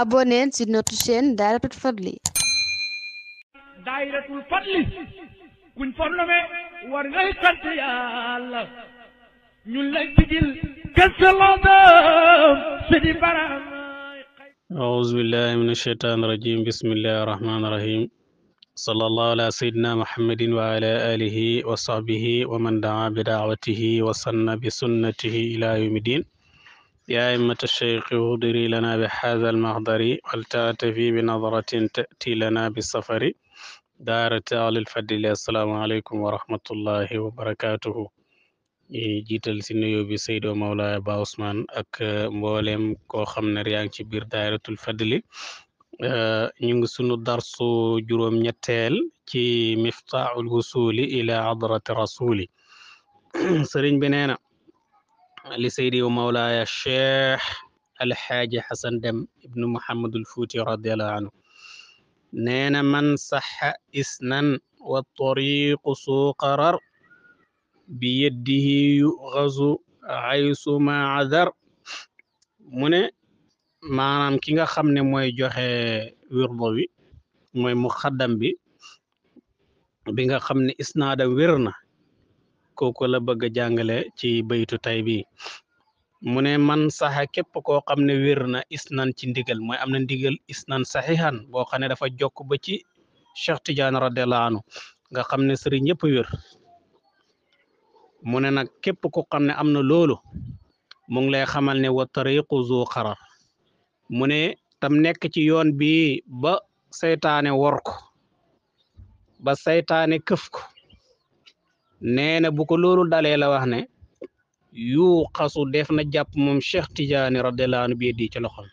abonnez sur notre chaîne Dahiratoul Fadly Dahiratoul Fadly kuñ fornome war ngay sant yàlla ñun lay tigil kësalaadam sidi baram أعوذ بالله من الشيطان الرجيم بسم الله الرحمن الرحيم صلى الله على سيدنا محمد وعلى آله وصحبه ومن دعا بدعوته وسن بسنته إلى يوم الدين يا أئمة الشيخ هدري لنا بهذا المهضر ولتأتفي بنظرة تأتي لنا بالسفر daara taal alfadli asalaamaaleykum wa rahmatullahi wa barakaatuhu jiital si nuyoo bi Seydou Mawlaaya Ba Ousmane ak mboolem koo xam ne yaa ngi ci biir daaratul fadli ñu ngi sunu darsu juróom-ñetteel ci miftaaxul wusuli ila adrati rasuli sëriñ bi li saydi wa mawlaaya cheikh alxaaji xasan dem ibnu muhammadul fuuti radiallahu anhu nee na man saxa isnan wa tariqu suqarar bi yeddihi yuxasu aysu ma adar mu ne maanaam ki nga xam ne mooy joxe wirdo wi mooy muxaddam bi bi nga xam ne isnaadam wér na kooku la bëgg a jàngale ci baytu tay bii mu ne man saxa képp koo xam ne wér na isnan ci ndigal mooy am na ndigal isnan saxihan boo xam ne dafa jokk ba ci Cheikh Tidiane radiyallahu anhu nga xam ne sëriñ yëpp wér mu ne nag képp ku xam ne am na loolu mu ngi lay xamal ne wa tariqu zu mu ne tam nekk ci yoon bi ba seytaane wor ko ba saytaane këf nee na bu ko loolu dalee la wax ne yu xasu def na jàpp moom Cheikh Tidiane radiyallahu anhu bi di ci loxoom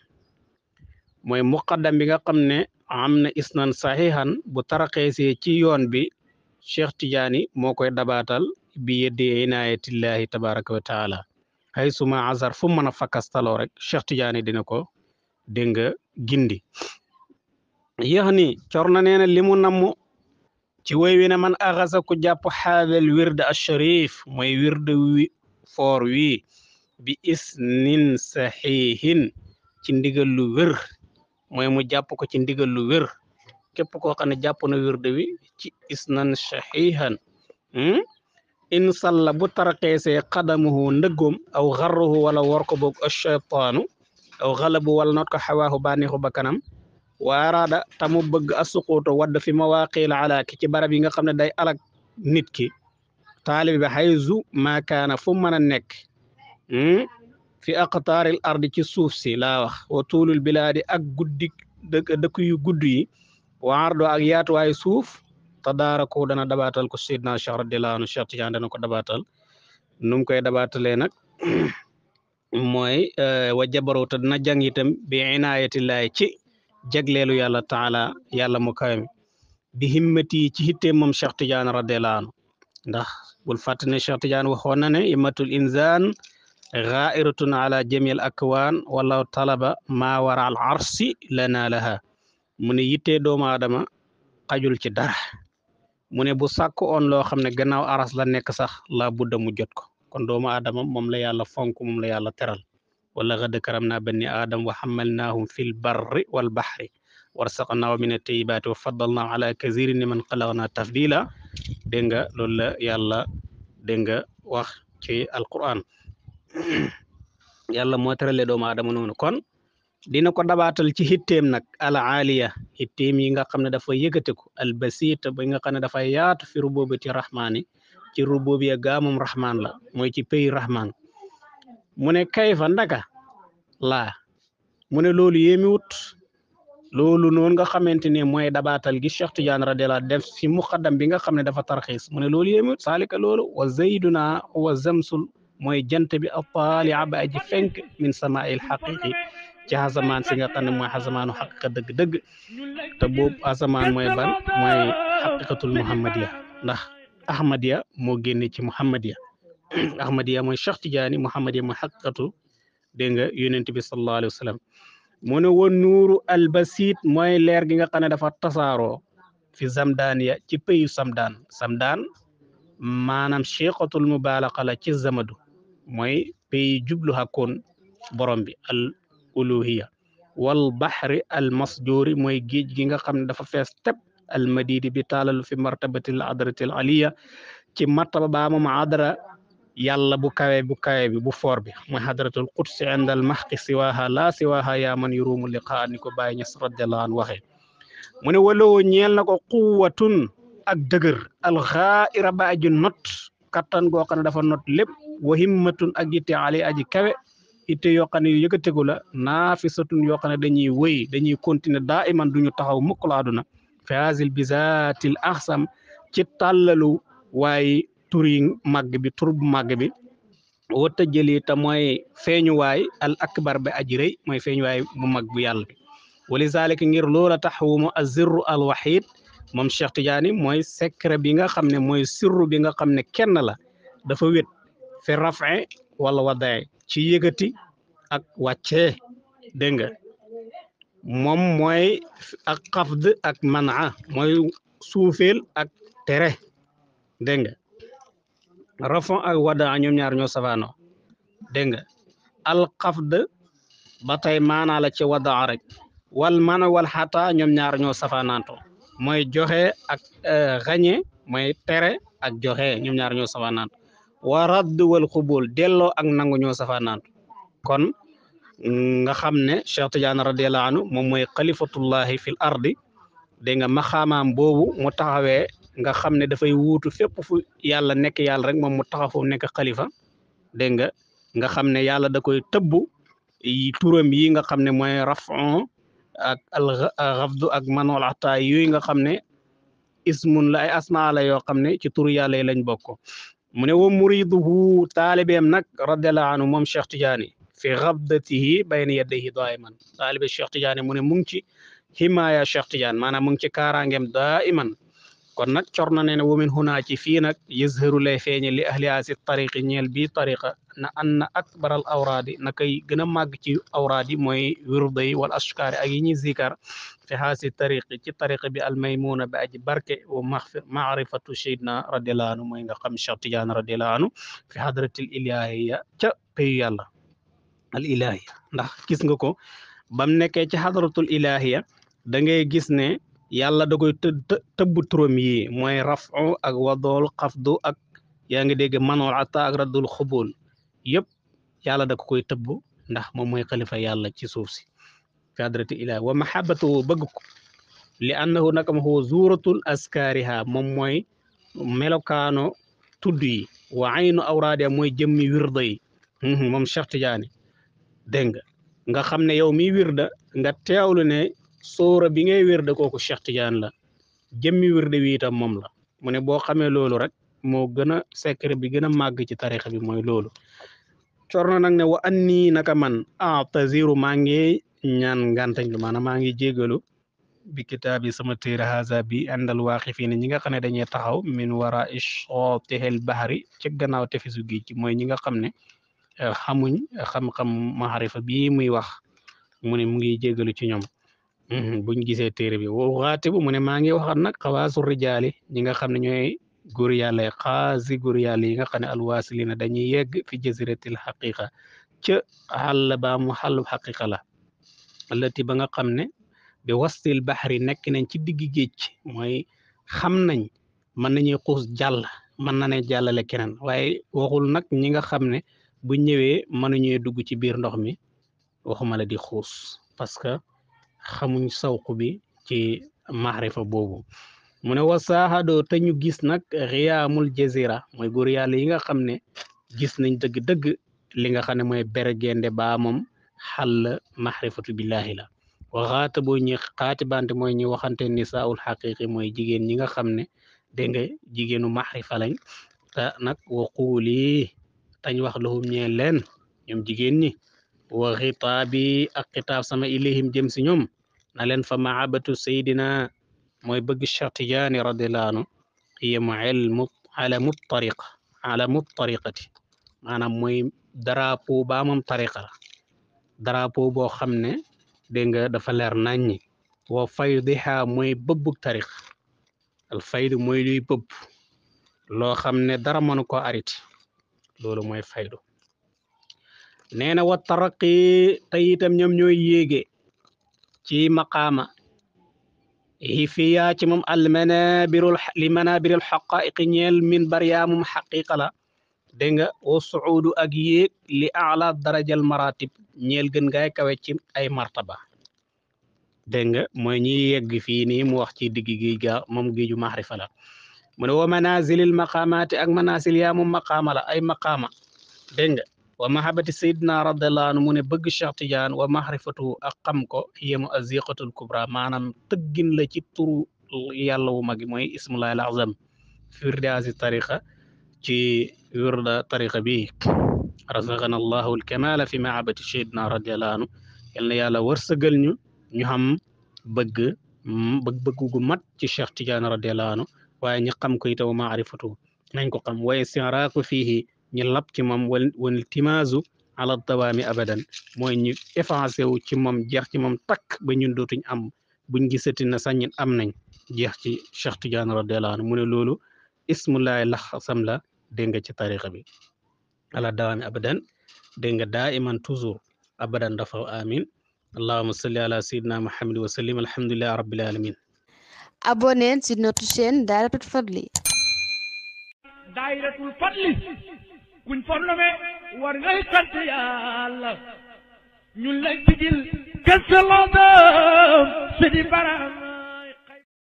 mooy muqaddam bi nga xam ne am na isnan saxihan bu taraxeesee ci yoon bi Cheikh Tidiane moo koy dabaatal bi yeddi inaayatillahi tabaraka wa taala suma azar fu mën a fakkastaloo rek Cheikh Tidiane dina ko dégg nga gindi yéex ni cor na nee na ci woy wi ne man axasa ku jàpp xaadal wirde asharif mooy wirde wi foor wi bi isnin saxihin ci ndigal lu moy mu jàpp ko ci ndigal lu wér képp koo xam ne jàpp na wirde wi ci is isnan saxihan hmm? in salla bu tarxeesee xadamuhu ndëggoom aw xarruhu wala wor ko boog ashaytaanu aw xalabu wala noot ko xawaahu bànneexu ba kanam wa tamu ta bëgg a suquuto wadd fi mawaaqiil alaaki ci barab yi nga xam ne day alak nit ki taalibi bi hayzu maakaana fu mën a nekk hmm? fi aqtaaril ardi ci suuf si laa wax wa ak guddi dëkk yu gudd yi wa ardo ak yaatuwaay suuf tadaaraku dana dabaatal ko sidna Cheikh radiyallahu anhu Cheikh dana ko dabaatal nu mu koy dabaatalee nag mooy eh, wa jabaruta dina itam bi inaayatillaahi ci jagleelu yàlla taala yàlla mu kawe mi bi himmati ci hitteem moom Cheikh Tidiane radiyallahu ndax bul fàtte ne Cheikh Tidiane waxoon na ne immatul insaan xaa'iratun ala jamil akwaan walaw talaba maa wara al arsi lana laha mu doomu aadama xajul ci dara mu ne bu sàkk on loo xam ne gannaaw aras la nekk sax laa budda mu jot ko kon doomu aadama moom la yàlla fonk moom la yàlla teral wala xad karam naa bani aadam wa xamalnaahum fi lbarri walbaxri warsaqnaahu min atayyibaati wa faddalnaahu ala kasirin ni man xalaqnaa tafdila dégg nga loolu la yàlla dégg nga wax ci alquran yàlla moo terale doomu aadama noonu kon dina ko dabaatal ci xitteem nag ala aaliya xitteem yi nga xam ne dafa yëkkatiku al basiita ba nga xam ne dafa yaatu fi rububati rahmaani ci rububiya gaamum rahmaan la mooy ci pays rahmaan mu ne kayfa ndaka laa mu ne loolu yéemi wut loolu noonu nga xamante ne mooy dabaatal gi Cheikh Tidiane radiyallahu def si muqaddam bi nga xam ne dafa tarxiis mu ne loolu yéemi wut saalika loolu wa zayduna wa zamsul mooy jant bi a aji fenk min samail xaqiqi ci asamaan si nga xam ne mooy asamaanu xaqiqa dëgg-dëgg te boobu asamaan mooy ban mooy xaqiqatul muhammadiya ndax ahmadiya moo génne ci muhammadiya ahmadiya mooy Cheikh Tidiane Mouhamadiya mooy xaqatu dégg nga yonent bi sallallahu alayhi wa sallam mu ne woon nuuru albasit mooy leer gi nga xam ne dafa tasaaroo fi zamdaniya ci pëyu samdaan samdaan maanaam chiqatul mubaalaqa la ci zamadu mooy pays jublu hakkoon borom bi al uluhiya wal baxri al masjuri mooy géej gi nga xam ne dafa fees teb al madidi bi taalalu fi martabatil adratil aliya ci martaba baa moom adra yàlla bu kawe bu kawe bi bu foor bi mooy xadratul quds indal maxqi siwaaha laa siwaaha yaa man yuruumu liqaa ni ko bàyyi ñes radiallahu anhu waxee mu ne waloo ñeel na ko quwatun ak dëgër alxaaira ba aji not kattan goo xam ne dafa not lépp wa himmatun ak yitte ali aji kawe itte yoo xam ne la naafisatun yoo xam ne dañuy wéy dañuy continuer daa iman duñu taxaw mukk la aduna faasil bizaatil axsam ci tàllalu waaye tur yi bi tur bu màgg bi wata jëli te mooy feeñuwaay al akbar ba aji rëy mooy feeñuwaay bu mag bu yàlla bi wali zalika ngir loola taxawumu azirru al wahid moom Cheikh Tidiane mooy secret bi nga xam ne mooy sirru bi nga xam ne kenn la dafa wét fi rafin wala wadaay ci yëgati ak wàccee dégg nga moom mooy ak xafd ak mana mooy suufeel ak tere dégg nga rafon ak a ñoom ñaar ñoo safaanoo dégg nga alxafd ba tey maanaa la ci wadaa rek wal mana wal xataa ñoom ñaar ñoo safaanaantoo mooy joxe ak xañe euh, mooy tere ak joxe ñoom ñaar ñoo safaanaantoo wa radd wal xubul delloo ak nangu ñoo safaanaantoo kon nga xam ne Cheikh Tidiane radiallahu anhu moom mooy xalifatullahi fil ardi dégg nga maxaamaam boobu mu taxawee nga xam ne dafay wuutu fépp fu yàlla nekk yàlla rek moom mu taxaw fu nekk xalifa dégg nga nga xam ne yàlla da koy tëbb turam yi nga xam ne mooy rafon ak al xafdu ak manol ataay yooyu nga xam ne ismun la ay asmaa yoo xam ne ci turu yàlla yi lañ bokk mu ne wa muriduhu taalibeem nag radiallahu anhu moom Cheikh Tidiane fi xabdatihi bayna yadayhi daiman taalibe Cheikh Tidiane mu ne mu ngi ci himaaya Cheikh Tidiane maanaam mu ngi ci kaaraangeem daiman kon nag corna nee na wamin xunaa ci fii nag yëzhëru lay feeñe li ahliha si ñeel bii tariqa na an na akbaral awraadi na kay gën a màgg ci awraad yi mooy wirda yi wala asukaari ak yi ñuy zikar fi xaasi tariqi ci tariqa bi almaymuna bi aji barke wa maarifatu seydna radiallahu anhu mooy nga xam Cheikh Tidiane radiallahu anhu fi hadratil ilahiya ca payu yàlla al ilahiya ndax gis nga ko bam nekkee ci hadratul ilahiya da gis ne yàlla da koy të tëbb turam yi mooy rafu ak wadool xafdu ak yaa ngi dégg manool ata ak raddul xubul yëpp yàlla da koy tëbb ndax moom mooy xalifa yàlla ci suuf si kadrati ilah wa mahabatuhu bëgg ko li annahu naka ma huwa zuuratul askaariha moom mooy melokaano tudd yi wa aynu awraadiha mooy jëmmi wirda yi moom Cheikh Tidiane dégg nga nga ne yow mi wirda nga teewlu ne sóora bi ngay wérde kooku Cheikh Tidiane la jëmmi wérde wi itam moom la mu ne boo xamee loolu rek moo gën a secret bi gën a màgg ci tarixa bi mooy loolu corno nag ne wa an nii naka man ataziru maa ngi ñaan ngantañ lu maanaam maa ngi jégalu bi kitaab yi sama téere haza bi àndal waaqifina ñi nga xam ne dañuy taxaw min wara isotihel bahari ci gannaaw tefesu géej gi mooy ñi nga xam ne eh, xamuñ xam-xam maharifa bii muy wax mu ne mu ngi jégalu ci ñoom Mm-hmm. buñ gisee téere bi wa xaatibu mu ne maa ngi waxat nag xawaasu rijaali ñi nga xam ne ñooy góor yàlla yi xaasi góor yàlla yi nga xam ne alwaasilina dañuy yegg fi jasiratil xaqiqa ca xàll baa mu xàllu xaqiqa la allati ba nga xam ne bi wastil baxri nekk nañ ci digg géej mooy xam nañ mën nañuy xuus jàll mën na ne jàllale keneen waaye waxul nag ñi nga xam ne bu ñëwee mënuñuy dugg ci biir ndox mi waxuma di xuus parce xamuñ sawq bi ci maxrifa boobu mu ne wasaaxadoo te ñu gis nag xiyaamul jazira mooy góor yàlla yi nga xam ne gis nañ dëgg-dëgg li nga xam ne mooy bergende ba moom xàll maxrifatu billaahi la waxaata boo ñi xaati bante mooy ñi waxante nisaul xaqiqi mooy jigéen ñi nga xam ne dégg nga jigéenu maxrifa lañ te nag waquuli tañ wax lahum ñeen leen ñoom jigéen ñi wa xitaabi ak xitaab sama ilayhim jëm si ñoom na leen fa mahabatu saydina mooy bëgg Cheikh Tidiane radiyallahu yem elmu alamu tariqa alamu tariqati maanaam mooy drapeau baa moom tariqa la drapeau boo xam ne dégg nga dafa leer naññi wa faydiha mooy bëbbug tariqa al faydu mooy luy bëbb loo xam ne dara mënu ko arit loolu mooy faydu nee na wa taraqi te itam ñoom ñooy yéege ci maqaama hi fiyaa ci moom al manabirul li manabirul xaqaiqi ñeel min bariyaa moom xaqiqa la dégg nga wa suudu ak li ala darajal maratib ñeel gën ngaay kawe ci ay martaba dégg nga mooy ñiy yegg fii nii mu wax ci digg géej ga moom géeju maxrifa la mu ne wa manazilil maqaamaati ak manazil yaa moom la ay maqaama dégg wa mahabati sayidina radiallahu anhu mu ne bëgg Cheikh Tidiane wa mahrifatu ak xam ko yéemu aziqatul kubra maanaam tëggin la turu yàlla wu mag mooy ismullahi al azam firdaasi tariqa ci wirda tariqa bi razaqana allahu alkamala fi mahabati sayidina radiallahu anhu yal na ñu ñu xam bëgg bëgg bëggu mat ci Cheikh Tidiane radiallahu anhu ñu xam ko itam maarifatu nañ ko xam waaye siraaku fiihi ñu lab ci moom wal wal timaasu ala dawaami abadan mooy ñu effacé wu ci moom jeex ci moom takk ba ñun dootuñ am buñ gisati na sañin am nañ jeex ci Cheikh Tidiane radiyallahu anhu mu ne loolu ismullahi laxasam la dégg nga ci tariqa bi ala dawaami abadan dégg nga daa iman toujours abadan dafa amin allahuma salli ala sayyidina muhammad wa sallim alhamdulillahi rabbil alamin abonnez sur notre chaîne Dahiratoul Fadly Dahiratoul Fadly kuñ fa nommé war ngay sant yàlla ñun lay digil gëstu loo doon si di baram